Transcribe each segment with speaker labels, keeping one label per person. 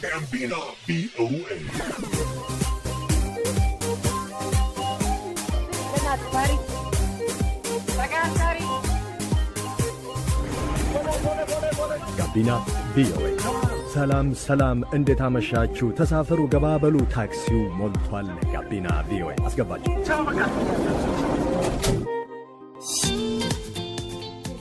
Speaker 1: ጋቢና ቪኦኤ
Speaker 2: ጋቢና
Speaker 3: ቪኦኤ። ሰላም ሰላም፣ እንዴት አመሻችሁ? ተሳፈሩ፣ ገባበሉ፣ ታክሲው ሞልቷል። ጋቢና ቪኦኤ አስገባችሁ።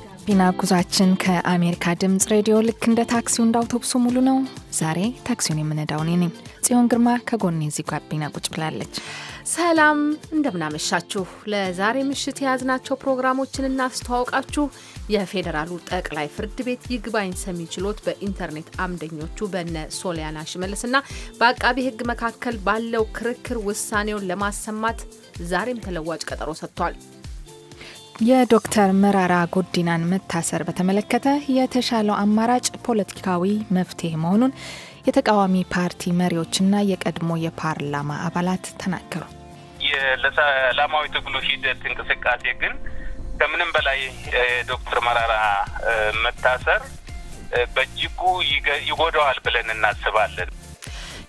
Speaker 4: ጋቢና ጉዟችን ከአሜሪካ ድምፅ ሬዲዮ ልክ እንደ ታክሲው እንደ አውቶቡሱ ሙሉ ነው። ዛሬ ታክሲውን የምነዳው እኔ ነኝ ጽዮን ግርማ ከጎኔ እዚህ ጓቢና ቁጭ ብላለች።
Speaker 5: ሰላም እንደምናመሻችሁ። ለዛሬ ምሽት የያዝናቸው ፕሮግራሞችን እናስተዋውቃችሁ። የፌዴራሉ ጠቅላይ ፍርድ ቤት ይግባኝ ሰሚ ችሎት በኢንተርኔት አምደኞቹ በነ ሶሊያና ሽመልስና በአቃቢ ሕግ መካከል ባለው ክርክር ውሳኔውን ለማሰማት ዛሬም ተለዋጭ ቀጠሮ ሰጥቷል።
Speaker 4: የዶክተር መራራ ጉዲናን መታሰር በተመለከተ የተሻለው አማራጭ ፖለቲካዊ መፍትሄ መሆኑን የተቃዋሚ ፓርቲ መሪዎችና የቀድሞ የፓርላማ አባላት ተናገሩ።
Speaker 6: ለሰላማዊ ትግሉ ሂደት እንቅስቃሴ ግን ከምንም በላይ ዶክተር መራራ መታሰር በእጅጉ ይጎዳዋል ብለን እናስባለን።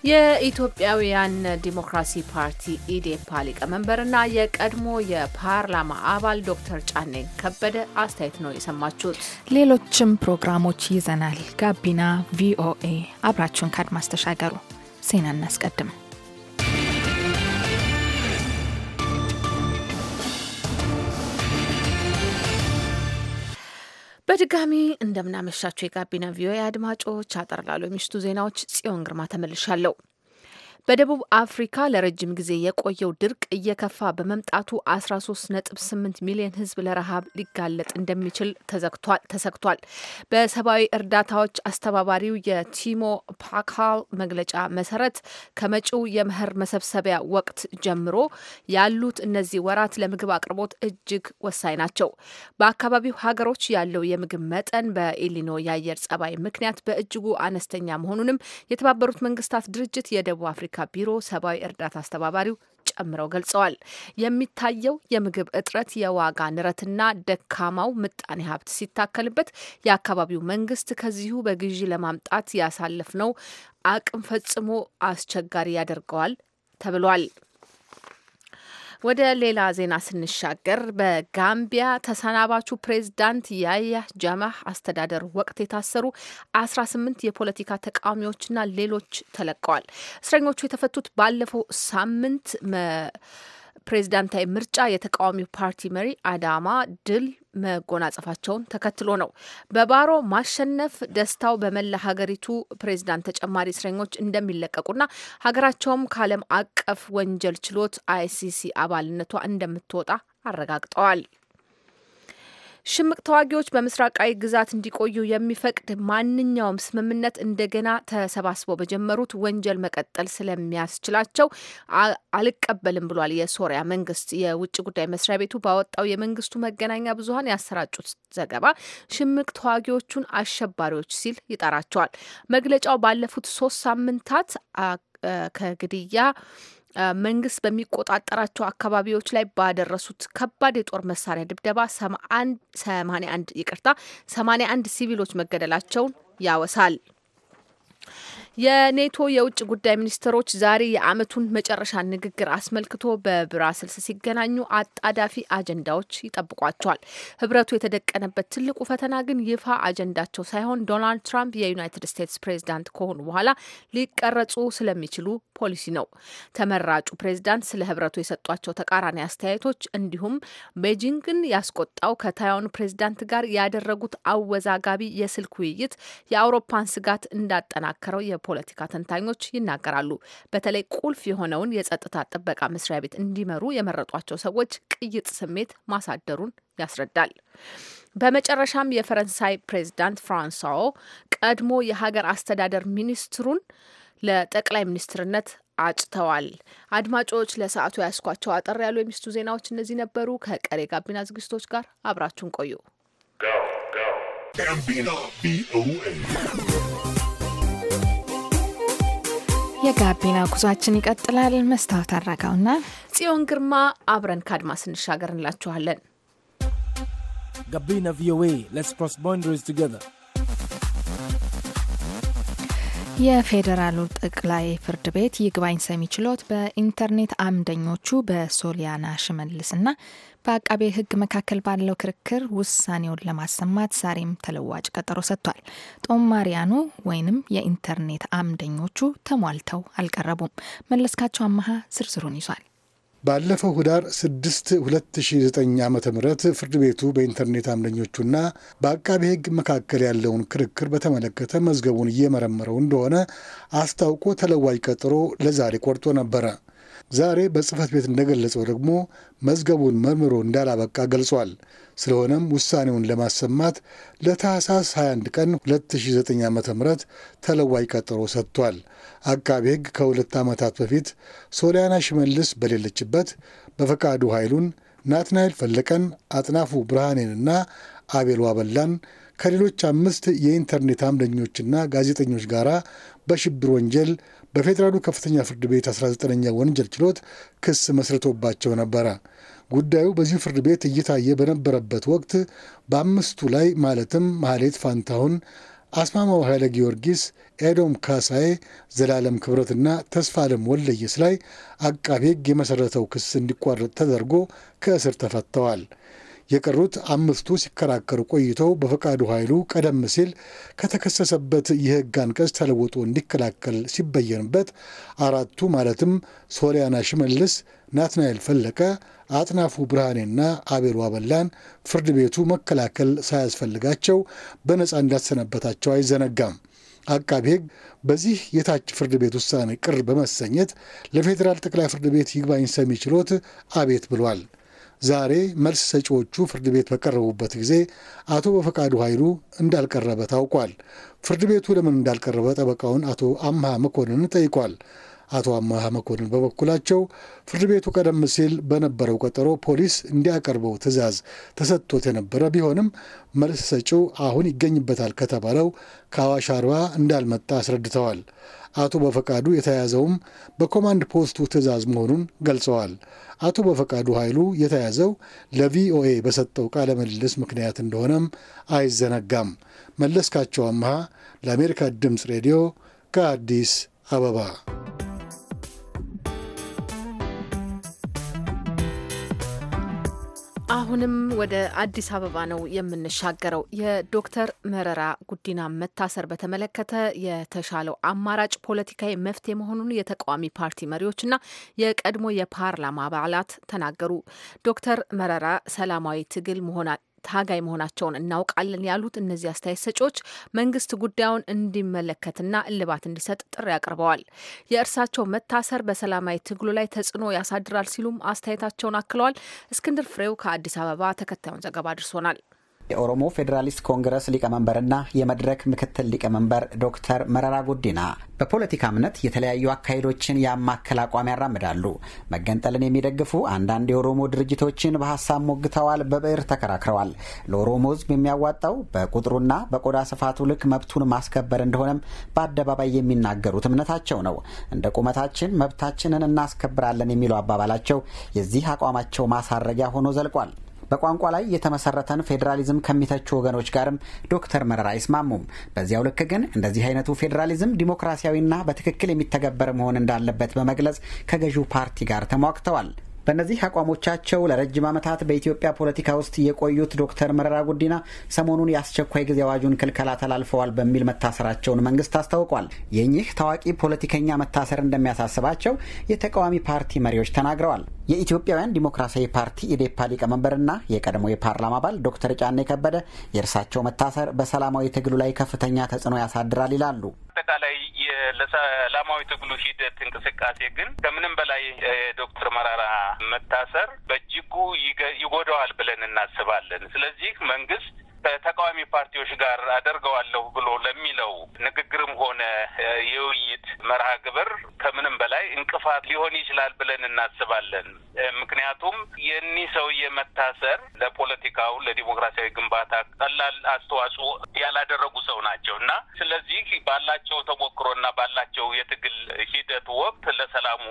Speaker 5: የኢትዮጵያውያን ዲሞክራሲ ፓርቲ ኢዴፓ ሊቀመንበርና የቀድሞ የፓርላማ አባል ዶክተር ጫኔ ከበደ አስተያየት ነው የሰማችሁት።
Speaker 4: ሌሎችም ፕሮግራሞች ይዘናል። ጋቢና ቪኦኤ አብራችሁን ከአድማስ ተሻገሩ። ዜና እናስቀድም።
Speaker 5: በድጋሚ እንደምናመሻቸው የጋቢና ቪኦኤ አድማጮች አጠርላሉ። የምሽቱ ዜናዎች ጽዮን ግርማ ተመልሻለሁ። በደቡብ አፍሪካ ለረጅም ጊዜ የቆየው ድርቅ እየከፋ በመምጣቱ 13.8 ሚሊዮን ሕዝብ ለረሃብ ሊጋለጥ እንደሚችል ተሰግቷል። በሰብአዊ እርዳታዎች አስተባባሪው የቲሞ ፓካል መግለጫ መሰረት ከመጪው የመኸር መሰብሰቢያ ወቅት ጀምሮ ያሉት እነዚህ ወራት ለምግብ አቅርቦት እጅግ ወሳኝ ናቸው። በአካባቢው ሀገሮች ያለው የምግብ መጠን በኤሊኖ የአየር ጸባይ ምክንያት በእጅጉ አነስተኛ መሆኑንም የተባበሩት መንግስታት ድርጅት የደቡብ አፍሪካ የአፍሪካ ቢሮ ሰብአዊ እርዳታ አስተባባሪው ጨምረው ገልጸዋል። የሚታየው የምግብ እጥረት የዋጋ ንረትና ደካማው ምጣኔ ሀብት ሲታከልበት የአካባቢው መንግስት ከዚሁ በግዢ ለማምጣት ያሳለፍነው አቅም ፈጽሞ አስቸጋሪ ያደርገዋል ተብሏል። ወደ ሌላ ዜና ስንሻገር በጋምቢያ ተሰናባቹ ፕሬዝዳንት ያያ ጃማህ አስተዳደር ወቅት የታሰሩ 18 የፖለቲካ ተቃዋሚዎችና ሌሎች ተለቀዋል። እስረኞቹ የተፈቱት ባለፈው ሳምንት ፕሬዝዳንታዊ ምርጫ የተቃዋሚው ፓርቲ መሪ አዳማ ድል መጎናጸፋቸውን ተከትሎ ነው። በባሮ ማሸነፍ ደስታው በመላ ሀገሪቱ ፕሬዚዳንት ተጨማሪ እስረኞች እንደሚለቀቁና ሀገራቸውም ከዓለም አቀፍ ወንጀል ችሎት አይሲሲ አባልነቷ እንደምትወጣ አረጋግጠዋል። ሽምቅ ተዋጊዎች በምስራቃዊ ግዛት እንዲቆዩ የሚፈቅድ ማንኛውም ስምምነት እንደገና ተሰባስበው በጀመሩት ወንጀል መቀጠል ስለሚያስችላቸው አልቀበልም ብሏል የሶሪያ መንግስት። የውጭ ጉዳይ መስሪያ ቤቱ ባወጣው የመንግስቱ መገናኛ ብዙኃን ያሰራጩት ዘገባ ሽምቅ ተዋጊዎቹን አሸባሪዎች ሲል ይጠራቸዋል። መግለጫው ባለፉት ሶስት ሳምንታት ከግድያ መንግስት በሚቆጣጠራቸው አካባቢዎች ላይ ባደረሱት ከባድ የጦር መሳሪያ ድብደባ ሰማንያ አንድ ይቅርታ ሰማንያ አንድ ሲቪሎች መገደላቸውን ያወሳል። የኔቶ የውጭ ጉዳይ ሚኒስትሮች ዛሬ የአመቱን መጨረሻ ንግግር አስመልክቶ በብራስልስ ሲገናኙ አጣዳፊ አጀንዳዎች ይጠብቋቸዋል። ህብረቱ የተደቀነበት ትልቁ ፈተና ግን ይፋ አጀንዳቸው ሳይሆን ዶናልድ ትራምፕ የዩናይትድ ስቴትስ ፕሬዚዳንት ከሆኑ በኋላ ሊቀረጹ ስለሚችሉ ፖሊሲ ነው። ተመራጩ ፕሬዚዳንት ስለ ህብረቱ የሰጧቸው ተቃራኒ አስተያየቶች እንዲሁም ቤጂንግን ያስቆጣው ከታይዋኑ ፕሬዚዳንት ጋር ያደረጉት አወዛጋቢ የስልክ ውይይት የአውሮፓን ስጋት እንዳጠናከረው የፖለቲካ ተንታኞች ይናገራሉ። በተለይ ቁልፍ የሆነውን የጸጥታ ጥበቃ መስሪያ ቤት እንዲመሩ የመረጧቸው ሰዎች ቅይጥ ስሜት ማሳደሩን ያስረዳል። በመጨረሻም የፈረንሳይ ፕሬዚዳንት ፍራንሷ ቀድሞ የሀገር አስተዳደር ሚኒስትሩን ለጠቅላይ ሚኒስትርነት አጭተዋል። አድማጮች ለሰዓቱ ያስኳቸው አጠር ያሉ የሚስቱ ዜናዎች እነዚህ ነበሩ። ከቀሬ ጋቢና ዝግጅቶች ጋር
Speaker 4: አብራችሁን ቆዩ። የጋቢና ጉዟችን ይቀጥላል። መስታወት አረጋውና
Speaker 5: ጽዮን ግርማ አብረን ከአድማ እንሻገር እንላችኋለን።
Speaker 3: ጋቢና ቪኦኤ ሌትስ ክሮስ ባውንደሪስ ቱጌዘር
Speaker 4: የፌዴራሉ ጠቅላይ ፍርድ ቤት ይግባኝ ሰሚ ችሎት በኢንተርኔት አምደኞቹ በሶሊያና ሽመልስና በአቃቤ ሕግ መካከል ባለው ክርክር ውሳኔውን ለማሰማት ዛሬም ተለዋጭ ቀጠሮ ሰጥቷል። ጦማሪያኑ ወይንም የኢንተርኔት አምደኞቹ ተሟልተው አልቀረቡም። መለስካቸው አመሀ ዝርዝሩን ይዟል።
Speaker 2: ባለፈው ህዳር 6 2009 ዓ ም ፍርድ ቤቱ በኢንተርኔት አምለኞቹና በአቃቤ ህግ መካከል ያለውን ክርክር በተመለከተ መዝገቡን እየመረመረው እንደሆነ አስታውቆ ተለዋጭ ቀጠሮ ለዛሬ ቆርጦ ነበረ። ዛሬ በጽህፈት ቤት እንደገለጸው ደግሞ መዝገቡን መርምሮ እንዳላበቃ ገልጿል። ስለሆነም ውሳኔውን ለማሰማት ለታህሳስ 21 ቀን 2009 ዓ ም ተለዋጭ ቀጠሮ ሰጥቷል። አቃቤ ሕግ ከሁለት ዓመታት በፊት ሶሊያና ሽመልስ በሌለችበት በፈቃዱ ኃይሉን፣ ናትናኤል ፈለቀን፣ አጥናፉ ብርሃኔንና አቤል ዋበላን ከሌሎች አምስት የኢንተርኔት አምደኞችና ጋዜጠኞች ጋር በሽብር ወንጀል በፌዴራሉ ከፍተኛ ፍርድ ቤት 19ኛ ወንጀል ችሎት ክስ መስርቶባቸው ነበረ። ጉዳዩ በዚሁ ፍርድ ቤት እየታየ በነበረበት ወቅት በአምስቱ ላይ ማለትም ማህሌት ፋንታሁን፣ አስማማው ኃይለ ጊዮርጊስ፣ ኤዶም ካሳዬ፣ ዘላለም ክብረትና ተስፋለም ወለየስ ላይ አቃቤ ሕግ የመሠረተው ክስ እንዲቋረጥ ተደርጎ ከእስር ተፈተዋል። የቀሩት አምስቱ ሲከራከሩ ቆይተው በፈቃዱ ኃይሉ ቀደም ሲል ከተከሰሰበት የሕግ አንቀጽ ተለውጦ እንዲከላከል ሲበየንበት አራቱ ማለትም ሶሊያና ሽመልስ፣ ናትናኤል ፈለቀ፣ አጥናፉ ብርሃኔና አቤል ዋበላን ፍርድ ቤቱ መከላከል ሳያስፈልጋቸው በነፃ እንዳሰነበታቸው አይዘነጋም። አቃቢ ሕግ በዚህ የታች ፍርድ ቤት ውሳኔ ቅር በመሰኘት ለፌዴራል ጠቅላይ ፍርድ ቤት ይግባኝ ሰሚ ችሎት አቤት ብሏል። ዛሬ መልስ ሰጪዎቹ ፍርድ ቤት በቀረቡበት ጊዜ አቶ በፈቃዱ ኃይሉ እንዳልቀረበ ታውቋል። ፍርድ ቤቱ ለምን እንዳልቀረበ ጠበቃውን አቶ አምሃ መኮንን ጠይቋል። አቶ አምሃ መኮንን በበኩላቸው ፍርድ ቤቱ ቀደም ሲል በነበረው ቀጠሮ ፖሊስ እንዲያቀርበው ትዕዛዝ ተሰጥቶት የነበረ ቢሆንም መልስ ሰጪው አሁን ይገኝበታል ከተባለው ከአዋሽ አርባ እንዳልመጣ አስረድተዋል። አቶ በፈቃዱ የተያዘውም በኮማንድ ፖስቱ ትዕዛዝ መሆኑን ገልጸዋል። አቶ በፈቃዱ ኃይሉ የተያዘው ለቪኦኤ በሰጠው ቃለ ምልልስ ምክንያት እንደሆነም አይዘነጋም። መለስካቸው አምሃ ለአሜሪካ ድምፅ ሬዲዮ ከአዲስ አበባ
Speaker 5: አሁንም ወደ አዲስ አበባ ነው የምንሻገረው። የዶክተር መረራ ጉዲና መታሰር በተመለከተ የተሻለው አማራጭ ፖለቲካዊ መፍትሄ መሆኑን የተቃዋሚ ፓርቲ መሪዎችና የቀድሞ የፓርላማ አባላት ተናገሩ። ዶክተር መረራ ሰላማዊ ትግል መሆና ታጋይ መሆናቸውን እናውቃለን ያሉት እነዚህ አስተያየት ሰጪዎች መንግስት ጉዳዩን እንዲመለከትና እልባት እንዲሰጥ ጥሪ አቅርበዋል። የእርሳቸው መታሰር በሰላማዊ ትግሉ ላይ ተጽዕኖ ያሳድራል ሲሉም አስተያየታቸውን አክለዋል። እስክንድር ፍሬው ከአዲስ አበባ ተከታዩን ዘገባ አድርሶናል።
Speaker 7: የኦሮሞ ፌዴራሊስት ኮንግረስ ሊቀመንበርና የመድረክ ምክትል ሊቀመንበር ዶክተር መረራ ጉዲና በፖለቲካ እምነት የተለያዩ አካሄዶችን ያማከል አቋም ያራምዳሉ። መገንጠልን የሚደግፉ አንዳንድ የኦሮሞ ድርጅቶችን በሀሳብ ሞግተዋል፣ በብዕር ተከራክረዋል። ለኦሮሞ ሕዝብ የሚያዋጣው በቁጥሩና በቆዳ ስፋቱ ልክ መብቱን ማስከበር እንደሆነም በአደባባይ የሚናገሩት እምነታቸው ነው። እንደ ቁመታችን መብታችንን እናስከብራለን የሚለው አባባላቸው የዚህ አቋማቸው ማሳረጊያ ሆኖ ዘልቋል። በቋንቋ ላይ የተመሰረተን ፌዴራሊዝም ከሚተቹ ወገኖች ጋርም ዶክተር መረራ አይስማሙም። በዚያው ልክ ግን እንደዚህ አይነቱ ፌዴራሊዝም ዲሞክራሲያዊና በትክክል የሚተገበር መሆን እንዳለበት በመግለጽ ከገዢው ፓርቲ ጋር ተሟግተዋል። በእነዚህ አቋሞቻቸው ለረጅም ዓመታት በኢትዮጵያ ፖለቲካ ውስጥ የቆዩት ዶክተር መረራ ጉዲና ሰሞኑን የአስቸኳይ ጊዜ አዋጁን ክልከላ ተላልፈዋል በሚል መታሰራቸውን መንግስት አስታውቋል። የኚህ ታዋቂ ፖለቲከኛ መታሰር እንደሚያሳስባቸው የተቃዋሚ ፓርቲ መሪዎች ተናግረዋል። የኢትዮጵያውያን ዲሞክራሲያዊ ፓርቲ ኢዴፓ ሊቀመንበርና የቀድሞ የፓርላማ አባል ዶክተር ጫኔ ከበደ የእርሳቸው መታሰር በሰላማዊ ትግሉ ላይ ከፍተኛ ተጽዕኖ ያሳድራል
Speaker 8: ይላሉ። አጠቃላይ ለሰላማዊ ትግሉ
Speaker 6: ሂደት እንቅስቃሴ ግን ከምንም በላይ ዶክተር መራራ መታሰር በእጅጉ ይጎዳዋል ብለን እናስባለን። ስለዚህ መንግስት ከተቃዋሚ ፓርቲዎች ጋር አደርገዋለሁ ብሎ ለሚለው ንግግርም ሆነ የውይይት መርሃ ግብር ከምንም በላይ እንቅፋት ሊሆን ይችላል ብለን እናስባለን። ምክንያቱም የኒ ሰውዬ መታሰር ለፖለቲካው፣ ለዲሞክራሲያዊ ግንባታ ቀላል አስተዋጽኦ ያላደረጉ ሰው ናቸው እና ስለዚህ ባላቸው ተሞክሮና ባላቸው የትግል ሂደት ወቅት ለሰላሙ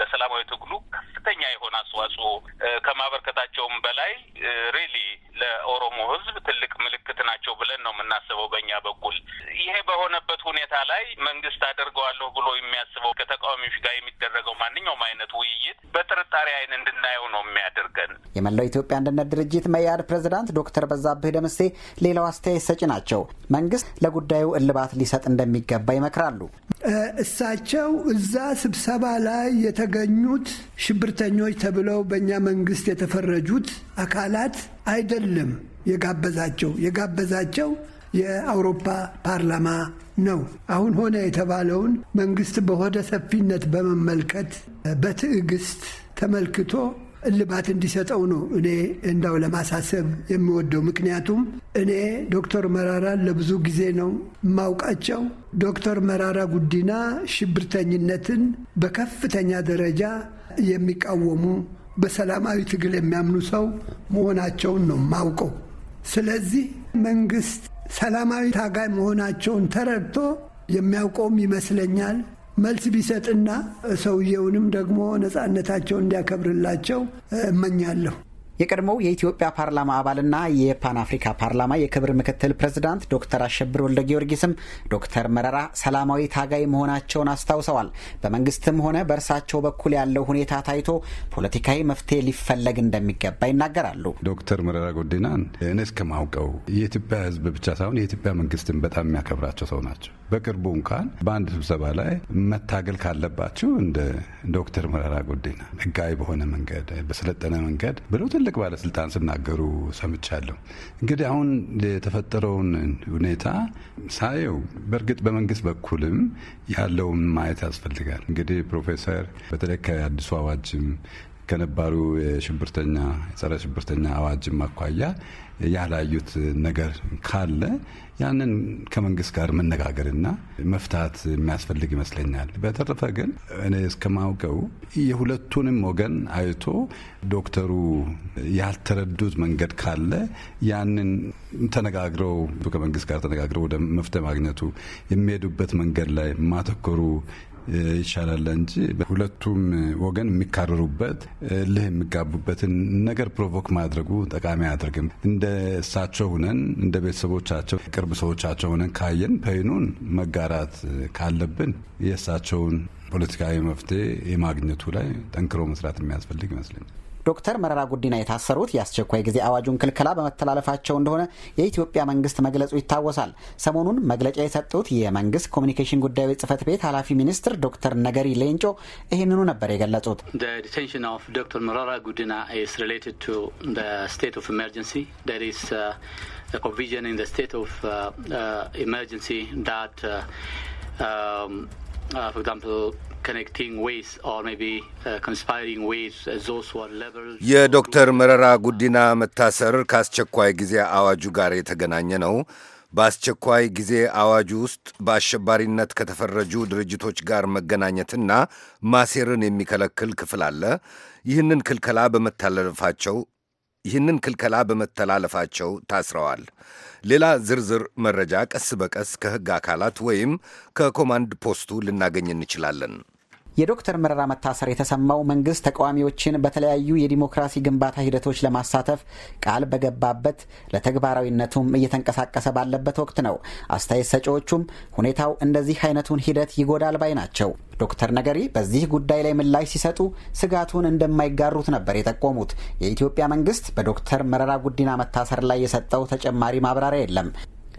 Speaker 6: ለሰላማዊ ትግሉ ከፍተኛ የሆነ አስተዋጽኦ ከማበርከታቸውም በላይ ሪሊ ለኦሮሞ ሕዝብ ትልቅ ምልክት ናቸው ብለን ነው የምናስበው በእኛ በኩል። ይሄ በሆነበት ሁኔታ ላይ መንግስት አደርገዋለሁ ብሎ የሚያስበው ከተቃዋሚዎች ጋር የሚደረገው ማንኛውም አይነት ውይይት በጥርጣሬ አይን እንድናየው ነው የሚያደርገን።
Speaker 7: የመላው ኢትዮጵያ አንድነት ድርጅት መያድ ፕሬዝዳንት ዶክተር በዛብህ ደምሴ ሌላው አስተያየት ሰጪ ናቸው። መንግስት ለጉዳዩ እልባት ሊሰጥ እንደሚገባ ይመክራሉ።
Speaker 9: እሳቸው እዛ ስብሰባ ላይ የተገኙት ሽብርተኞች ተብለው በእኛ መንግስት የተፈረጁት አካላት አይደለም የጋበዛቸው የጋበዛቸው የአውሮፓ ፓርላማ ነው። አሁን ሆነ የተባለውን መንግስት በሆደ ሰፊነት በመመልከት በትዕግስት ተመልክቶ እልባት እንዲሰጠው ነው እኔ እንዳው ለማሳሰብ የሚወደው ምክንያቱም እኔ ዶክተር መራራን ለብዙ ጊዜ ነው የማውቃቸው። ዶክተር መራራ ጉዲና ሽብርተኝነትን በከፍተኛ ደረጃ የሚቃወሙ በሰላማዊ ትግል የሚያምኑ ሰው መሆናቸውን ነው ማውቀው። ስለዚህ መንግስት ሰላማዊ ታጋይ መሆናቸውን ተረድቶ የሚያውቀውም ይመስለኛል መልስ ቢሰጥና ሰውየውንም ደግሞ ነፃነታቸውን እንዲያከብርላቸው እመኛለሁ። የቀድሞው የኢትዮጵያ ፓርላማ አባልና
Speaker 7: የፓን አፍሪካ ፓርላማ የክብር ምክትል ፕሬዝዳንት ዶክተር አሸብር ወልደ ጊዮርጊስም ዶክተር መረራ ሰላማዊ ታጋይ መሆናቸውን አስታውሰዋል። በመንግስትም ሆነ በእርሳቸው በኩል ያለው ሁኔታ ታይቶ ፖለቲካዊ መፍትሄ ሊፈለግ እንደሚገባ ይናገራሉ።
Speaker 8: ዶክተር መረራ ጉዲናን እኔ እስከማውቀው የኢትዮጵያ ሕዝብ ብቻ ሳይሆን የኢትዮጵያ መንግስትን በጣም የሚያከብራቸው ሰው ናቸው። በቅርቡ እንኳን በአንድ ስብሰባ ላይ መታገል ካለባችሁ እንደ ዶክተር መረራ ጉዲና ህጋዊ በሆነ መንገድ በሰለጠነ መንገድ ብለው ትልቅ ባለስልጣን ሲናገሩ ሰምቻለሁ። እንግዲህ አሁን የተፈጠረውን ሁኔታ ሳየው በእርግጥ በመንግስት በኩልም ያለውን ማየት ያስፈልጋል። እንግዲህ ፕሮፌሰር በተለይ ከአዲሱ አዋጅም ከነባሩ የሽብርተኛ የጸረ ሽብርተኛ አዋጅም አኳያ ያላዩት ነገር ካለ ያንን ከመንግስት ጋር መነጋገርና መፍታት የሚያስፈልግ ይመስለኛል። በተረፈ ግን እኔ እስከማውቀው የሁለቱንም ወገን አይቶ ዶክተሩ ያልተረዱት መንገድ ካለ ያንን ተነጋግረው ከመንግስት ጋር ተነጋግረው ወደ መፍትሄ ማግኘቱ የሚሄዱበት መንገድ ላይ ማተኮሩ ይሻላል እንጂ ሁለቱም ወገን የሚካረሩበት ልህ የሚጋቡበትን ነገር ፕሮቮክ ማድረጉ ጠቃሚ አያደርግም። እንደ እሳቸው ሁነን እንደ ቤተሰቦቻቸው ቅርብ ሰዎቻቸው ሁነን ካየን ፔኑን መጋራት ካለብን የእሳቸውን ፖለቲካዊ መፍትሄ የማግኘቱ ላይ ጠንክሮ መስራት የሚያስፈልግ ይመስለኛል።
Speaker 7: ዶክተር መረራ ጉዲና የታሰሩት የአስቸኳይ ጊዜ አዋጁን ክልከላ በመተላለፋቸው እንደሆነ የኢትዮጵያ መንግስት መግለጹ ይታወሳል። ሰሞኑን መግለጫ የሰጡት የመንግስት ኮሚኒኬሽን ጉዳዮች ጽህፈት ቤት ኃላፊ ሚኒስትር ዶክተር ነገሪ ሌንጮ ይህንኑ ነበር የገለጹት።
Speaker 1: ዶክተር መረራ ጉዲና is related to the state of emergency. There is uh, a provision in the state of uh, uh, Uh,
Speaker 8: የዶክተር መረራ ጉዲና መታሰር ከአስቸኳይ ጊዜ አዋጁ ጋር የተገናኘ ነው። በአስቸኳይ ጊዜ አዋጁ ውስጥ በአሸባሪነት ከተፈረጁ ድርጅቶች ጋር መገናኘትና ማሴርን የሚከለክል ክፍል አለ። ይህንን ክልከላ በመተላለፋቸው ይህንን ክልከላ በመተላለፋቸው ታስረዋል። ሌላ ዝርዝር መረጃ ቀስ በቀስ ከሕግ አካላት ወይም ከኮማንድ ፖስቱ ልናገኝ እንችላለን። የዶክተር
Speaker 7: መረራ መታሰር የተሰማው መንግስት ተቃዋሚዎችን በተለያዩ የዲሞክራሲ ግንባታ ሂደቶች ለማሳተፍ ቃል በገባበት ለተግባራዊነቱም እየተንቀሳቀሰ ባለበት ወቅት ነው። አስተያየት ሰጪዎቹም ሁኔታው እንደዚህ አይነቱን ሂደት ይጎዳል ባይ ናቸው። ዶክተር ነገሪ በዚህ ጉዳይ ላይ ምላሽ ሲሰጡ ስጋቱን እንደማይጋሩት ነበር የጠቆሙት። የኢትዮጵያ መንግስት በዶክተር መረራ ጉዲና መታሰር ላይ የሰጠው ተጨማሪ ማብራሪያ የለም።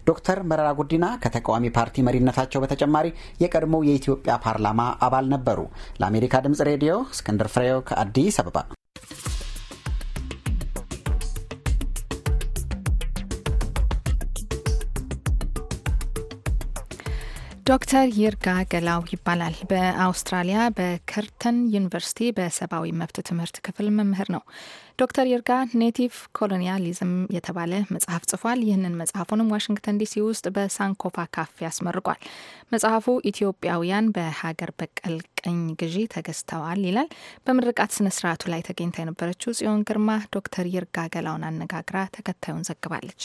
Speaker 7: ዶክተር መረራ ጉዲና ከተቃዋሚ ፓርቲ መሪነታቸው በተጨማሪ የቀድሞው የኢትዮጵያ ፓርላማ አባል ነበሩ። ለአሜሪካ ድምጽ ሬዲዮ እስክንድር ፍሬው ከአዲስ አበባ
Speaker 4: ዶክተር ይርጋ ገላው ይባላል። በአውስትራሊያ በከርተን ዩኒቨርሲቲ በሰብአዊ መብት ትምህርት ክፍል መምህር ነው። ዶክተር ይርጋ ኔቲቭ ኮሎኒያሊዝም የተባለ መጽሐፍ ጽፏል። ይህንን መጽሐፉንም ዋሽንግተን ዲሲ ውስጥ በሳንኮፋ ካፌ አስመርቋል። መጽሐፉ ኢትዮጵያውያን በሀገር በቀል ቀኝ ግዢ ተገዝተዋል ይላል። በምርቃት ስነ ስርዓቱ ላይ ተገኝታ የነበረችው ጽዮን ግርማ ዶክተር ይርጋ ገላውን አነጋግራ ተከታዩን ዘግባለች።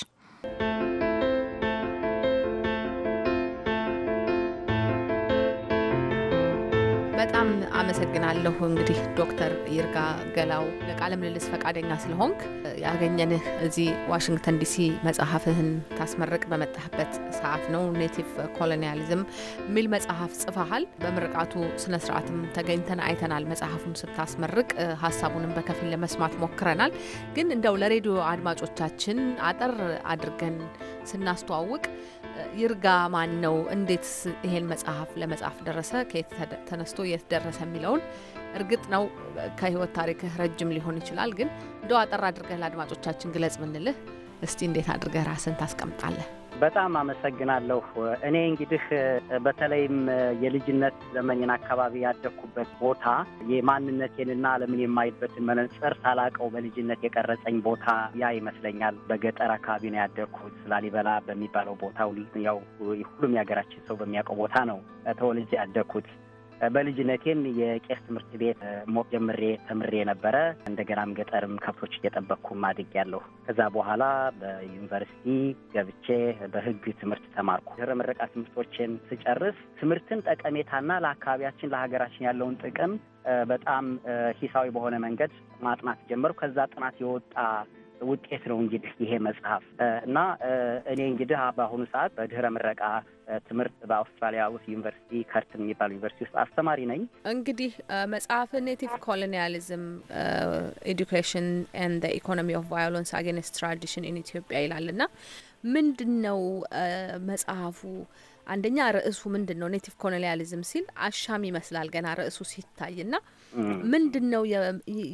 Speaker 5: በጣም አመሰግናለሁ። እንግዲህ ዶክተር ይርጋ ገላው ለቃለ ምልልስ ፈቃደኛ ስለሆንክ ያገኘንህ እዚህ ዋሽንግተን ዲሲ መጽሐፍህን ታስመርቅ በመጣህበት ሰዓት ነው። ኔቲቭ ኮሎኒያሊዝም የሚል መጽሐፍ ጽፈሃል። በምርቃቱ ስነ ስርዓትም ተገኝተን አይተናል። መጽሐፉን ስታስመርቅ ሀሳቡንም በከፊል ለመስማት ሞክረናል። ግን እንደው ለሬዲዮ አድማጮቻችን አጠር አድርገን ስናስተዋውቅ ይርጋ ማን ነው? እንዴትስ ይሄን መጽሐፍ ለመጻፍ ደረሰ? ከየት ተነስቶ የት ደረሰ የሚለውን እርግጥ ነው ከህይወት ታሪክህ ረጅም ሊሆን ይችላል። ግን እንደው አጠር አድርገህ ለአድማጮቻችን ግለጽ ብንልህ እስቲ እንዴት አድርገህ ራስን ታስቀምጣለህ?
Speaker 10: በጣም አመሰግናለሁ። እኔ እንግዲህ በተለይም የልጅነት ዘመኔን አካባቢ ያደግኩበት ቦታ የማንነቴንና ዓለምን የማይበትን መነጽር ሳላቀው በልጅነት የቀረጸኝ ቦታ ያ ይመስለኛል። በገጠር አካባቢ ነው ያደግኩት። ላሊበላ በሚባለው ቦታ ያው ሁሉም የሀገራችን ሰው በሚያውቀው ቦታ ነው ተወልጄ ያደግኩት። በልጅነቴም የቄስ ትምህርት ቤት ሞቅ ጀምሬ ተምሬ ነበረ። እንደገናም ገጠርም ከብቶች እየጠበቅኩም አድግ ያለሁ። ከዛ በኋላ በዩኒቨርሲቲ ገብቼ በህግ ትምህርት ተማርኩ። ድህረ ምረቃ ትምህርቶችን ስጨርስ ትምህርትን ጠቀሜታና ለአካባቢያችን ለሀገራችን ያለውን ጥቅም በጣም ሂሳዊ በሆነ መንገድ ማጥናት ጀመርኩ። ከዛ ጥናት የወጣ ውጤት ነው እንግዲህ ይሄ መጽሐፍ እና እኔ እንግዲህ በአሁኑ ሰዓት በድህረ ምረቃ ትምህርት በአውስትራሊያ ውስጥ ዩኒቨርሲቲ ከርትን የሚባል ዩኒቨርሲቲ ውስጥ አስተማሪ ነኝ።
Speaker 5: እንግዲህ መጽሐፍ ኔቲቭ ኮሎኒያሊዝም ኤዱኬሽን ኤንድ ኢኮኖሚ ኦፍ ቫዮለንስ አጌንስት ትራዲሽን ኢን ኢትዮጵያ ይላል ና ምንድን ነው መጽሐፉ አንደኛ ርዕሱ ምንድን ነው? ኔቲቭ ኮሎኒያሊዝም ሲል አሻም ይመስላል ገና ርዕሱ ሲታይ ና ምንድን ነው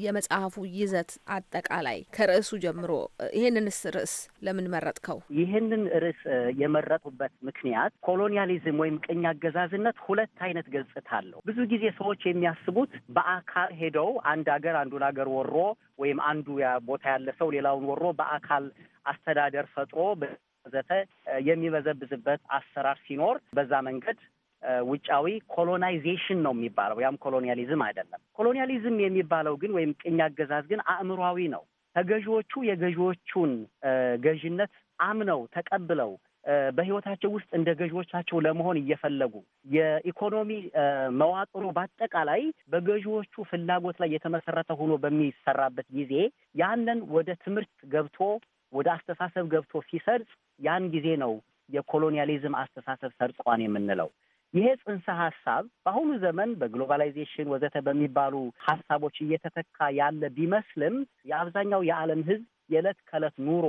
Speaker 5: የመጽሐፉ ይዘት አጠቃላይ ከርዕሱ ጀምሮ? ይህንንስ ርዕስ ለምን መረጥከው?
Speaker 10: ይህንን ርዕስ የመረጡበት ምክንያት ኮሎኒያሊዝም ወይም ቅኝ አገዛዝነት ሁለት አይነት ገጽታ አለው። ብዙ ጊዜ ሰዎች የሚያስቡት በአካል ሄደው አንድ ሀገር አንዱን ሀገር ወሮ ወይም አንዱ ቦታ ያለ ሰው ሌላውን ወሮ በአካል አስተዳደር ፈጥሮ ወዘተ የሚበዘብዝበት አሰራር ሲኖር በዛ መንገድ ውጫዊ ኮሎናይዜሽን ነው የሚባለው። ያም ኮሎኒያሊዝም አይደለም። ኮሎኒያሊዝም የሚባለው ግን ወይም ቅኝ አገዛዝ ግን አእምሯዊ ነው። ተገዢዎቹ የገዢዎቹን ገዢነት አምነው ተቀብለው በህይወታቸው ውስጥ እንደ ገዢዎቻቸው ለመሆን እየፈለጉ የኢኮኖሚ መዋቅሩ በአጠቃላይ በገዢዎቹ ፍላጎት ላይ የተመሰረተ ሆኖ በሚሰራበት ጊዜ ያንን ወደ ትምህርት ገብቶ ወደ አስተሳሰብ ገብቶ ሲሰርጽ ያን ጊዜ ነው የኮሎኒያሊዝም አስተሳሰብ ሰርጿን የምንለው። ይሄ ጽንሰ ሀሳብ በአሁኑ ዘመን በግሎባላይዜሽን ወዘተ በሚባሉ ሀሳቦች እየተተካ ያለ ቢመስልም የአብዛኛው የዓለም ሕዝብ የዕለት ከዕለት ኑሮ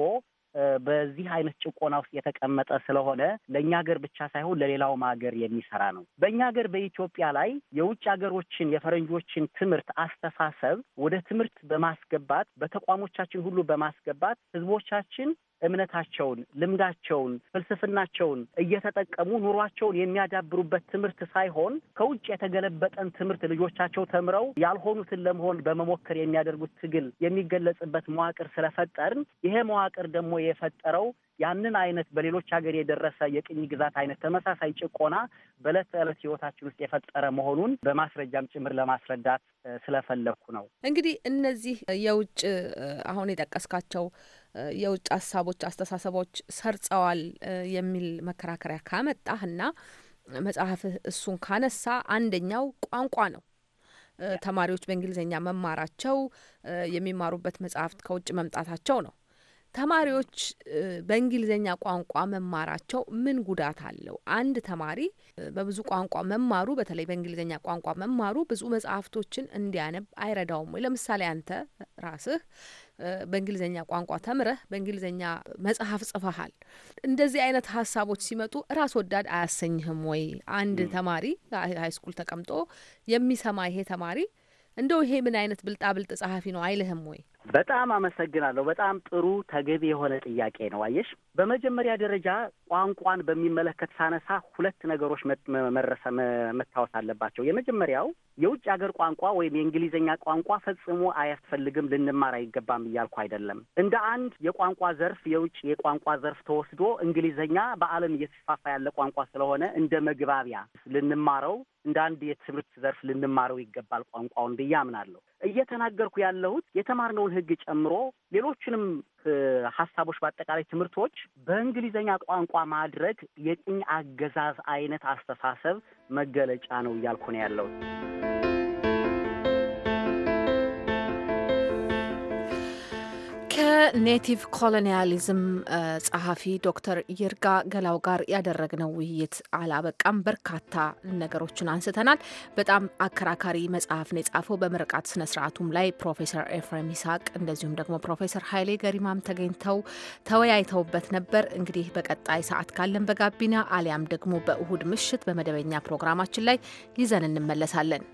Speaker 10: በዚህ አይነት ጭቆና ውስጥ የተቀመጠ ስለሆነ ለእኛ ሀገር ብቻ ሳይሆን ለሌላውም ሀገር የሚሰራ ነው። በእኛ ሀገር በኢትዮጵያ ላይ የውጭ ሀገሮችን የፈረንጆችን ትምህርት አስተሳሰብ ወደ ትምህርት በማስገባት በተቋሞቻችን ሁሉ በማስገባት ህዝቦቻችን እምነታቸውን፣ ልምዳቸውን፣ ፍልስፍናቸውን እየተጠቀሙ ኑሯቸውን የሚያዳብሩበት ትምህርት ሳይሆን ከውጭ የተገለበጠን ትምህርት ልጆቻቸው ተምረው ያልሆኑትን ለመሆን በመሞከር የሚያደርጉት ትግል የሚገለጽበት መዋቅር ስለፈጠርን ይሄ መዋቅር ደግሞ የፈጠረው ያንን አይነት በሌሎች ሀገር የደረሰ የቅኝ ግዛት አይነት ተመሳሳይ ጭቆና በእለት ተዕለት ህይወታችን ውስጥ የፈጠረ መሆኑን በማስረጃም ጭምር ለማስረዳት ስለፈለግኩ ነው።
Speaker 5: እንግዲህ እነዚህ የውጭ አሁን የጠቀስካቸው የውጭ ሀሳቦች፣ አስተሳሰቦች ሰርጸዋል የሚል መከራከሪያ ካመጣህና መጽሐፍህ እሱን ካነሳ አንደኛው ቋንቋ ነው። ተማሪዎች በእንግሊዝኛ መማራቸው የሚማሩበት መጽሐፍት ከውጭ መምጣታቸው ነው። ተማሪዎች በእንግሊዝኛ ቋንቋ መማራቸው ምን ጉዳት አለው? አንድ ተማሪ በብዙ ቋንቋ መማሩ በተለይ በእንግሊዝኛ ቋንቋ መማሩ ብዙ መጽሐፍቶችን እንዲያነብ አይረዳውም ወይ? ለምሳሌ አንተ ራስህ በእንግሊዝኛ ቋንቋ ተምረህ በእንግሊዝኛ መጽሐፍ ጽፈሃል። እንደዚህ አይነት ሀሳቦች ሲመጡ ራስ ወዳድ አያሰኝህም ወይ? አንድ ተማሪ ሀይስኩል ተቀምጦ የሚሰማ ይሄ ተማሪ እንደው ይሄ ምን አይነት ብልጣብልጥ ጸሐፊ ነው አይልህም ወይ?
Speaker 10: በጣም አመሰግናለሁ። በጣም ጥሩ ተገቢ የሆነ ጥያቄ ነው። አየሽ፣ በመጀመሪያ ደረጃ ቋንቋን በሚመለከት ሳነሳ ሁለት ነገሮች መረሰ መታወስ አለባቸው። የመጀመሪያው የውጭ ሀገር ቋንቋ ወይም የእንግሊዝኛ ቋንቋ ፈጽሞ አያስፈልግም፣ ልንማር አይገባም እያልኩ አይደለም። እንደ አንድ የቋንቋ ዘርፍ የውጭ የቋንቋ ዘርፍ ተወስዶ እንግሊዝኛ በዓለም እየተስፋፋ ያለ ቋንቋ ስለሆነ እንደ መግባቢያ ልንማረው እንደ አንድ የትምህርት ዘርፍ ልንማረው ይገባል ቋንቋውን ብዬ አምናለሁ። እየተናገርኩ ያለሁት የተማርነውን ህግ ጨምሮ ሌሎችንም ሀሳቦች በአጠቃላይ ትምህርቶች በእንግሊዝኛ ቋንቋ ማድረግ የቅኝ አገዛዝ አይነት አስተሳሰብ መገለጫ ነው እያልኩ ነው ያለሁት።
Speaker 5: ከኔቲቭ ኮሎኒያሊዝም ጸሐፊ ዶክተር ይርጋ ገላው ጋር ያደረግነው ውይይት አላበቃም። በርካታ ነገሮችን አንስተናል። በጣም አከራካሪ መጽሐፍ ነው የጻፈው። በምርቃት ስነ ስርዓቱም ላይ ፕሮፌሰር ኤፍሬም ይስሐቅ እንደዚሁም ደግሞ ፕሮፌሰር ኃይሌ ገሪማም ተገኝተው ተወያይተውበት ነበር። እንግዲህ በቀጣይ ሰዓት ካለን በጋቢና አሊያም ደግሞ በእሁድ ምሽት በመደበኛ ፕሮግራማችን ላይ ይዘን እንመለሳለን።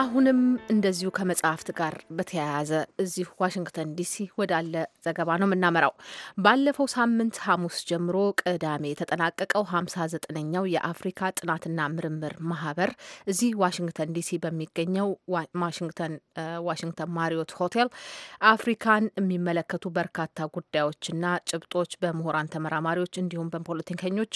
Speaker 5: አሁንም እንደዚሁ ከመጽሐፍት ጋር በተያያዘ እዚሁ ዋሽንግተን ዲሲ ወዳለ ዘገባ ነው የምናመራው። ባለፈው ሳምንት ሐሙስ ጀምሮ ቅዳሜ የተጠናቀቀው 59ኛው የአፍሪካ ጥናትና ምርምር ማህበር እዚህ ዋሽንግተን ዲሲ በሚገኘው ዋሽንግተን ማሪዮት ሆቴል አፍሪካን የሚመለከቱ በርካታ ጉዳዮችና ጭብጦች በምሁራን ተመራማሪዎች፣ እንዲሁም በፖለቲከኞች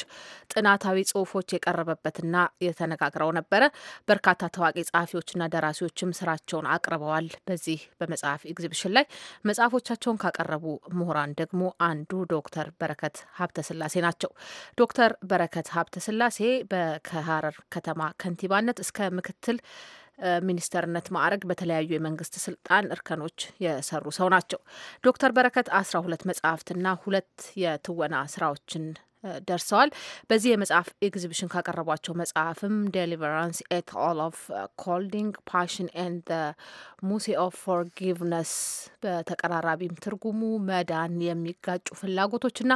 Speaker 5: ጥናታዊ ጽሁፎች የቀረበበትና የተነጋግረው ነበረ። በርካታ ታዋቂ ጸሐፊዎችና ደራሲዎችም ስራቸውን አቅርበዋል። በዚህ በመጽሐፍ ኤግዚቢሽን ላይ መጽሐፎቻቸውን ካቀረቡ ምሁራን ደግሞ አንዱ ዶክተር በረከት ሀብተስላሴ ናቸው። ዶክተር በረከት ሀብተስላሴ በከሀረር ከተማ ከንቲባነት እስከ ምክትል ሚኒስተርነት ማዕረግ በተለያዩ የመንግስት ስልጣን እርከኖች የሰሩ ሰው ናቸው። ዶክተር በረከት አስራ ሁለት መጽሐፍትና ሁለት የትወና ስራዎችን ደርሰዋል። በዚህ የመጽሐፍ ኤግዚቢሽን ካቀረቧቸው መጽሐፍም ዴሊቨራንስ ኤት ኦል ኦፍ ኮልዲንግ ፓሽን ኤንድ ሙሴ ኦፍ ፎርጊቭነስ፣ በተቀራራቢም ትርጉሙ መዳን፣ የሚጋጩ ፍላጎቶችና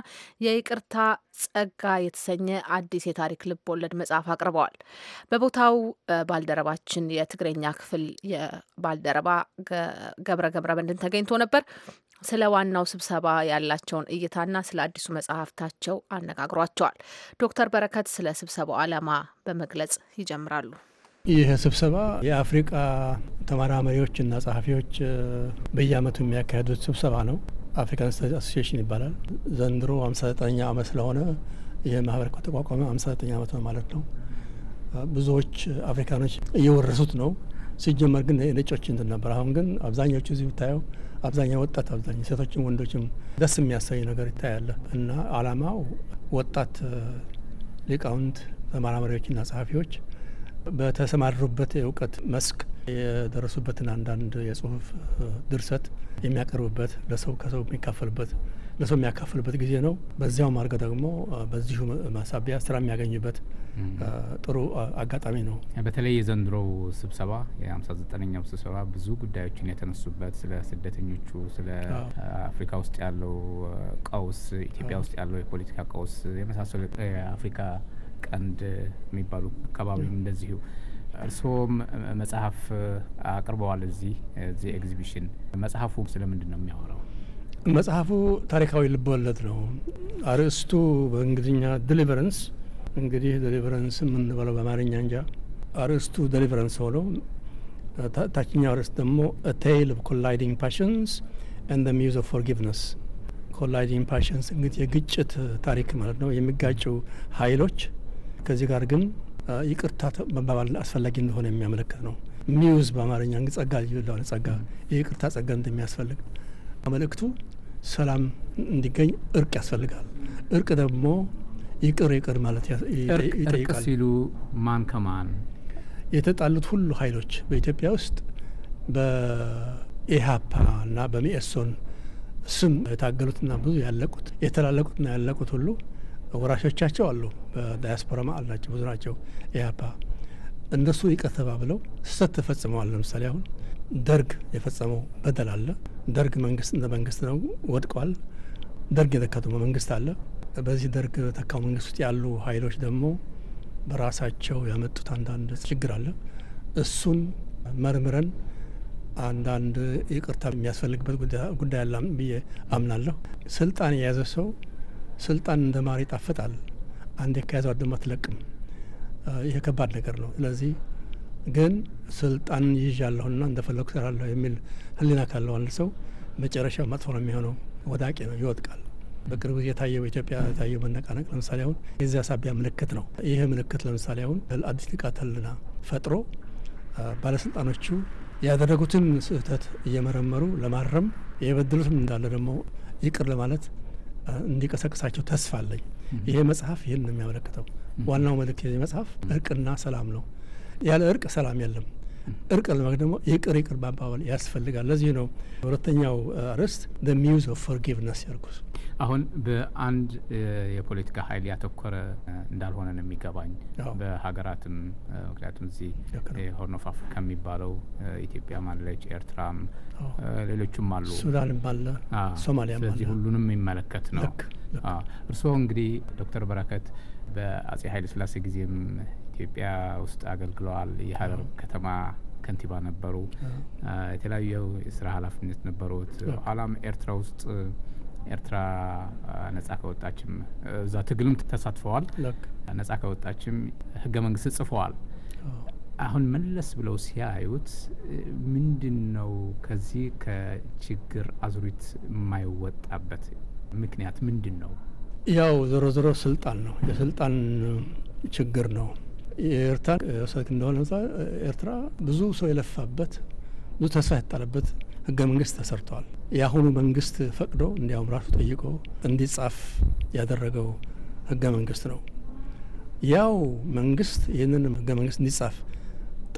Speaker 5: የይቅርታ ጸጋ የተሰኘ አዲስ የታሪክ ልብ ወለድ መጽሐፍ አቅርበዋል። በቦታው ባልደረባችን የትግረኛ ክፍል የባልደረባ ገብረ ገብረ በንድን ተገኝቶ ነበር። ስለ ዋናው ስብሰባ ያላቸውን እይታና ስለ አዲሱ መጽሐፍታቸው አነጋግሯቸዋል። ዶክተር በረከት ስለ ስብሰባው ዓላማ በመግለጽ ይጀምራሉ።
Speaker 3: ይህ ስብሰባ የአፍሪቃ ተመራማሪዎችና ጸሐፊዎች በየአመቱ የሚያካሄዱት ስብሰባ ነው። አፍሪካን ስታዲስ አሶሲሽን ይባላል። ዘንድሮ 59ኛ አመት ስለሆነ ይህ ማህበር ከተቋቋመ 59ኛ አመት ነው ማለት ነው። ብዙዎች አፍሪካኖች እየወረሱት ነው። ሲጀመር ግን ነጮች እንትን ነበር። አሁን ግን አብዛኛዎቹ እዚህ ብታየው አብዛኛው ወጣት አብዛኛው ሴቶችም ወንዶችም ደስ የሚያሳይ ነገር ይታያለ እና አላማው ወጣት ሊቃውንት ተመራማሪዎችና ጸሀፊዎች በተሰማሩበት የእውቀት መስክ የደረሱበትን አንዳንድ የጽሁፍ ድርሰት የሚያቀርቡበት ለሰው ከሰው የሚካፈልበት ለሰው የሚያካፍልበት ጊዜ ነው። በዚያው ማርገ ደግሞ በዚሁ ማሳቢያ ስራ የሚያገኙበት ጥሩ አጋጣሚ ነው። በተለይ የዘንድሮው ስብሰባ የሀምሳ ዘጠነኛው ስብሰባ ብዙ
Speaker 1: ጉዳዮችን የተነሱበት ስለ ስደተኞቹ፣ ስለ አፍሪካ ውስጥ ያለው ቀውስ፣ ኢትዮጵያ ውስጥ ያለው የፖለቲካ ቀውስ የመሳሰሉ የአፍሪካ ቀንድ የሚባሉ አካባቢም እንደዚሁ እርስዎም መጽሐፍ አቅርበዋል። እዚህ እዚህ ኤግዚቢሽን መጽሐፉ ስለምንድን ነው የሚያወራው?
Speaker 3: መጽሐፉ ታሪካዊ ልብወለድ ነው። አርእስቱ በእንግሊዝኛ ዴሊቨረንስ። እንግዲህ ዴሊቨረንስ የምንበለው በአማርኛ እንጃ። አርእስቱ ዴሊቨረንስ ሆኖ ታችኛው ርዕስ ደግሞ ቴይል ኦፍ ኮላይዲንግ ፓሽንስ ኤንድ ዘ ሚውዝ ኦፍ ፎርጊቭነስ። ኮላይዲንግ ፓሽንስ እንግዲህ የግጭት ታሪክ ማለት ነው። የሚጋጩ ኃይሎች ከዚህ ጋር ግን ይቅርታ መባባል አስፈላጊ እንደሆነ የሚያመለክት ነው። ሚውዝ በአማርኛ እንግዲህ ጸጋ ልዩ ጸጋ ይቅርታ ጸጋ እንደሚያስፈልግ አመልክቱ ሰላም እንዲገኝ እርቅ ያስፈልጋል። እርቅ ደግሞ ይቅር ይቅር ማለት ይጠይቃል። ሲሉ ማን ከማን የተጣሉት ሁሉ ኃይሎች በኢትዮጵያ ውስጥ በኢህአፓ እና በሚኤሶን ስም የታገሉትና ብዙ ያለቁት የተላለቁትና ያለቁት ሁሉ ወራሾቻቸው አሉ። በዳያስፖራ አላቸው ብዙ ናቸው። ኢህአፓ እነሱ ይቅር ተባብለው ስህተት ተፈጽመዋል። ለምሳሌ አሁን ደርግ የፈጸመው በደል አለ። ደርግ መንግስት እንደ መንግስት ነው ወድቋል። ደርግ የተካተመ መንግስት አለ። በዚህ ደርግ በተካው መንግስት ውስጥ ያሉ ሀይሎች ደግሞ በራሳቸው ያመጡት አንዳንድ ችግር አለ። እሱን መርምረን አንዳንድ ይቅርታ የሚያስፈልግበት ጉዳይ አለ ብዬ አምናለሁ። ስልጣን የያዘ ሰው ስልጣን እንደ ማር ይጣፍጣል። አንዴ ከያዘው አደማ አትለቅም። ይሄ ከባድ ነገር ነው። ስለዚህ ግን ስልጣን ይዣለሁና እንደፈለጉ ሰራለሁ የሚል ህሊና ካለው አንድ ሰው መጨረሻ መጥፎ ነው የሚሆነው፣ ወዳቂ ነው፣ ይወጥቃል። በቅርብ ጊዜ የታየው ኢትዮጵያ የታየው መነቃነቅ ለምሳሌ አሁን የዚያ ሳቢያ ምልክት ነው። ይህ ምልክት ለምሳሌ አሁን አዲስ ንቃተ ህሊና ፈጥሮ ባለስልጣኖቹ ያደረጉትን ስህተት እየመረመሩ ለማረም የበደሉትም እንዳለ ደግሞ ይቅር ለማለት እንዲቀሰቅሳቸው ተስፋ አለኝ። ይሄ መጽሐፍ ይህን ነው የሚያመለክተው። ዋናው መልእክት የዚህ መጽሐፍ እርቅና ሰላም ነው። ያለ እርቅ ሰላም የለም። እርቅ ለማድረግ ደግሞ ይቅር ይቅር ባባባል ያስፈልጋል። ለዚህ ነው ሁለተኛው አርዕስት ዘ ሚውዝ ኦፍ ፎርጊቭነስ ያልኩት። አሁን
Speaker 1: በአንድ የፖለቲካ ኃይል ያተኮረ እንዳልሆነ ነው የሚገባኝ በሀገራትም ምክንያቱም እዚህ ሆርን ኦፍ አፍሪካ የሚባለው ኢትዮጵያ ማለች፣ ኤርትራም ሌሎችም አሉ፣ ሱዳንም አለ፣ ሶማሊያም ስለዚህ ሁሉንም የሚመለከት ነው። እርስዎ እንግዲህ ዶክተር በረከት በአጼ ኃይለ ስላሴ ጊዜም ኢትዮጵያ ውስጥ አገልግለዋል። የሀረር ከተማ ከንቲባ ነበሩ። የተለያዩ የስራ ኃላፊነት ነበሩት። ኋላም ኤርትራ ውስጥ ኤርትራ ነጻ ከወጣችም እዛ ትግልም ተሳትፈዋል። ነጻ ከወጣችም ህገ መንግስት ጽፈዋል። አሁን መለስ ብለው ሲያዩት ምንድን ነው ከዚህ ከችግር አዙሪት የማይወጣበት ምክንያት ምንድን ነው?
Speaker 3: ያው ዞሮ ዞሮ ስልጣን ነው፣ የስልጣን ችግር ነው። የኤርትራ ሰክ እንደሆነ ኤርትራ ብዙ ሰው የለፋበት ብዙ ተስፋ ያጣለበት ህገ መንግስት ተሰርተዋል። የአሁኑ መንግስት ፈቅዶ እንዲያውም ራሱ ጠይቆ እንዲጻፍ ያደረገው ህገ መንግስት ነው። ያው መንግስት ይህንን ህገ መንግስት እንዲጻፍ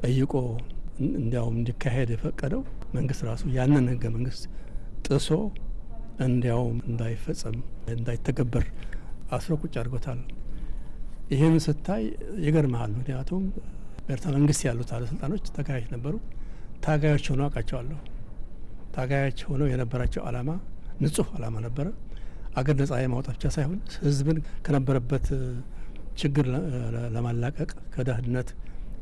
Speaker 3: ጠይቆ እንዲያውም እንዲካሄድ የፈቀደው መንግስት ራሱ ያንን ህገ መንግስት ጥሶ እንዲያውም እንዳይፈጸም እንዳይተገበር አስሮ ቁጭ አድርጎታል። ይህን ስታይ ይገርመሃል። ምክንያቱም በኤርትራ መንግስት ያሉት ባለስልጣኖች ታጋዮች ነበሩ። ታጋዮች ሆነው አውቃቸዋለሁ። ታጋዮች ሆነው የነበራቸው አላማ ንጹህ አላማ ነበረ። አገር ነጻ የማውጣት ብቻ ሳይሆን ህዝብን ከነበረበት ችግር ለማላቀቅ ከደህንነት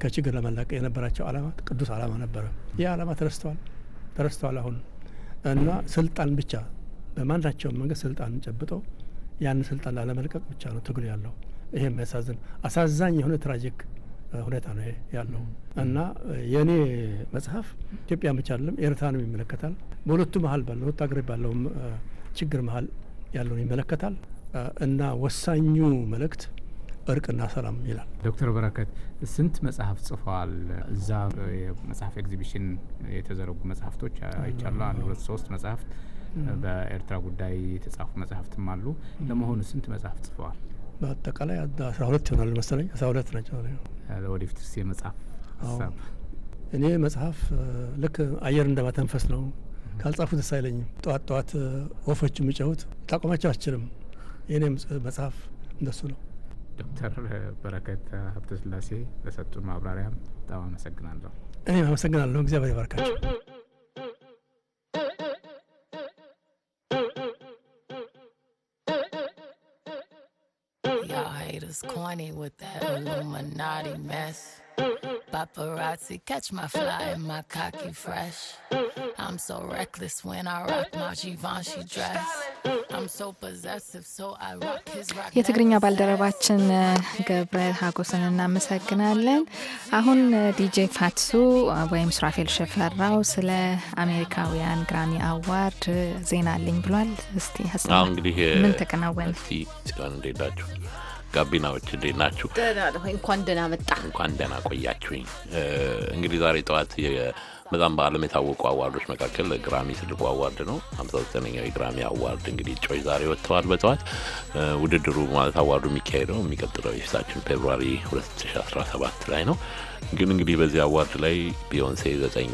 Speaker 3: ከችግር ለማላቀቅ የነበራቸው አላማ ቅዱስ አላማ ነበረ። ይህ አላማ ተረስተዋል ተረስተዋል አሁን እና ስልጣን ብቻ በማናቸውም መንገድ ስልጣን ጨብጦ ያን ስልጣን ላለመልቀቅ ብቻ ነው ትግሉ ያለው። ይሄ የሚያሳዝን አሳዛኝ የሆነ ትራጂክ ሁኔታ ነው ያለው እና የእኔ መጽሐፍ ኢትዮጵያ ብቻ አይደለም ኤርትራንም ይመለከታል። በሁለቱ መሀል ባለው ሁለቱ ሀገር ባለው ችግር መሀል ያለውን ይመለከታል እና ወሳኙ መልእክት እርቅና ሰላም ይላል።
Speaker 1: ዶክተር በረከት ስንት መጽሐፍ ጽፏል? እዛ የመጽሐፍ ኤግዚቢሽን የተዘረጉ መጽሐፍቶች አይቻሉ አንድ ሁለት ሶስት መጽሐፍት በኤርትራ ጉዳይ የተጻፉ መጽሐፍትም አሉ። ለመሆኑ ስንት መጽሐፍ ጽፈዋል?
Speaker 3: በአጠቃላይ አስራ ሁለት ይሆናል መሰለኝ። አስራ ሁለት ናቸው።
Speaker 1: ወደፊት ስ የመጽሐፍ
Speaker 3: እኔ መጽሐፍ ልክ አየር እንደማተንፈስ ነው። ካልጻፉት ደስ አይለኝም። ጠዋት ጠዋት ወፎች የሚጨሁት ታቆማቸው አልችልም። የኔ መጽሐፍ እንደሱ ነው።
Speaker 1: ዶክተር በረከት ሀብተስላሴ ለሰጡን ማብራሪያ በጣም አመሰግናለሁ።
Speaker 3: እኔም አመሰግናለሁ። እግዚአብሔር ይባርካቸው።
Speaker 4: haters corny with that Illuminati
Speaker 5: mess. Paparazzi, catch my fly and my cocky fresh. I'm so reckless when I rock my Givenchy dress. የትግርኛ
Speaker 4: ባልደረባችን ገብረ ሀጎስን እናመሰግናለን። አሁን ዲጄ ፋትሱ ወይም ሱራፌል ሸፈራው ስለ አሜሪካውያን ግራሚ አዋርድ ዜና አለኝ ብሏል። እስቲ ምን
Speaker 11: ተከናወነ? ጋቢናዎች እንዴት ናችሁ?
Speaker 4: ደህና ነው። እንኳን ደህና መጣ።
Speaker 11: እንኳን ደህና ቆያችሁኝ። እንግዲህ ዛሬ ጠዋት በጣም በዓለም የታወቁ አዋርዶች መካከል ግራሚ ትልቁ አዋርድ ነው። ሀምሳ ዘጠነኛው የግራሚ አዋርድ እንግዲህ እጩዎች ዛሬ ወጥተዋል። በጠዋት ውድድሩ ማለት አዋርዱ የሚካሄደው የሚቀጥለው የፊታችን ፌብሩዋሪ 2017 ላይ ነው። ግን እንግዲህ በዚህ አዋርድ ላይ ቢዮንሴ ዘጠኝ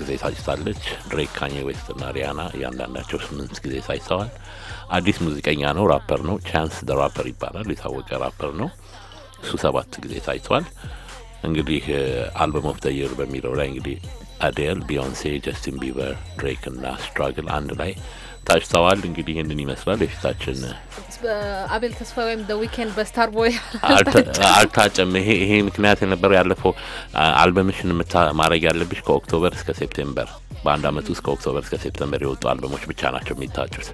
Speaker 11: ጊዜ ታጭታለች። ድሬክ፣ ካኘ ዌስትና ሪያና እያንዳንዳቸው ስምንት ጊዜ ታጭተዋል። አዲስ ሙዚቀኛ ነው፣ ራፐር ነው። ቻንስ ደ ራፐር ይባላል። የታወቀ ራፐር ነው። እሱ ሰባት ጊዜ ታይቷል። እንግዲህ አልበም ኦፍ ተየር በሚለው ላይ እንግዲህ አዴል፣ ቢዮንሴ፣ ጀስቲን ቢቨር ድሬክ እና ስትራግል አንድ ላይ ታጭተዋል። እንግዲህ ይህንን ይመስላል የፊታችን
Speaker 5: አቤል ተስፋ ወይም ደ ዊኬንድ በስታር ቦይ
Speaker 11: አልታጨም። ይሄ ምክንያት የነበረው ያለፈው አልበምሽን ማድረግ ያለብሽ ከኦክቶበር እስከ ሴፕቴምበር በአንድ አመት ውስጥ ከኦክቶበር እስከ ሴፕተምበር የወጡ አልበሞች ብቻ ናቸው የሚታጩት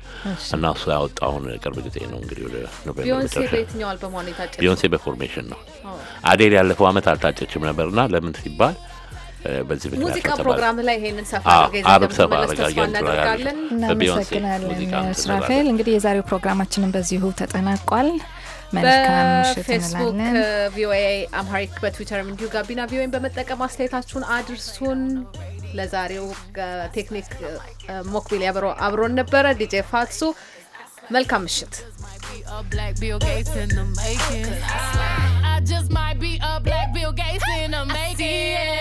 Speaker 11: እና እሱ ያወጣውን ቅርብ ጊዜ ነው እንግዲህ ወደ ቢዮንሴ በፎርሜሽን ነው። አዴል ያለፈው አመት አልታጨችም ነበር ነበርና ለምን ሲባል በዚህ ሙዚቃ ፕሮግራም ላይ ይሄንን ሰፋ አርብ ሰፋ እናደርጋለን። እናመሰግናለን
Speaker 4: ስራፌል። እንግዲህ የዛሬው ፕሮግራማችንን በዚሁ ተጠናቋል። በፌስቡክ
Speaker 5: ቪኦኤ አምሃሪክ፣ በትዊተርም እንዲሁ ጋቢና ቪኦኤን በመጠቀም አስተያየታችሁን አድርሱን። ለዛሬው ቴክኒክ ሞክቢል ያበሮ አብሮን ነበረ። ዲጄ ፋትሱ መልካም ምሽት። I just might be a black Bill Gates in the making.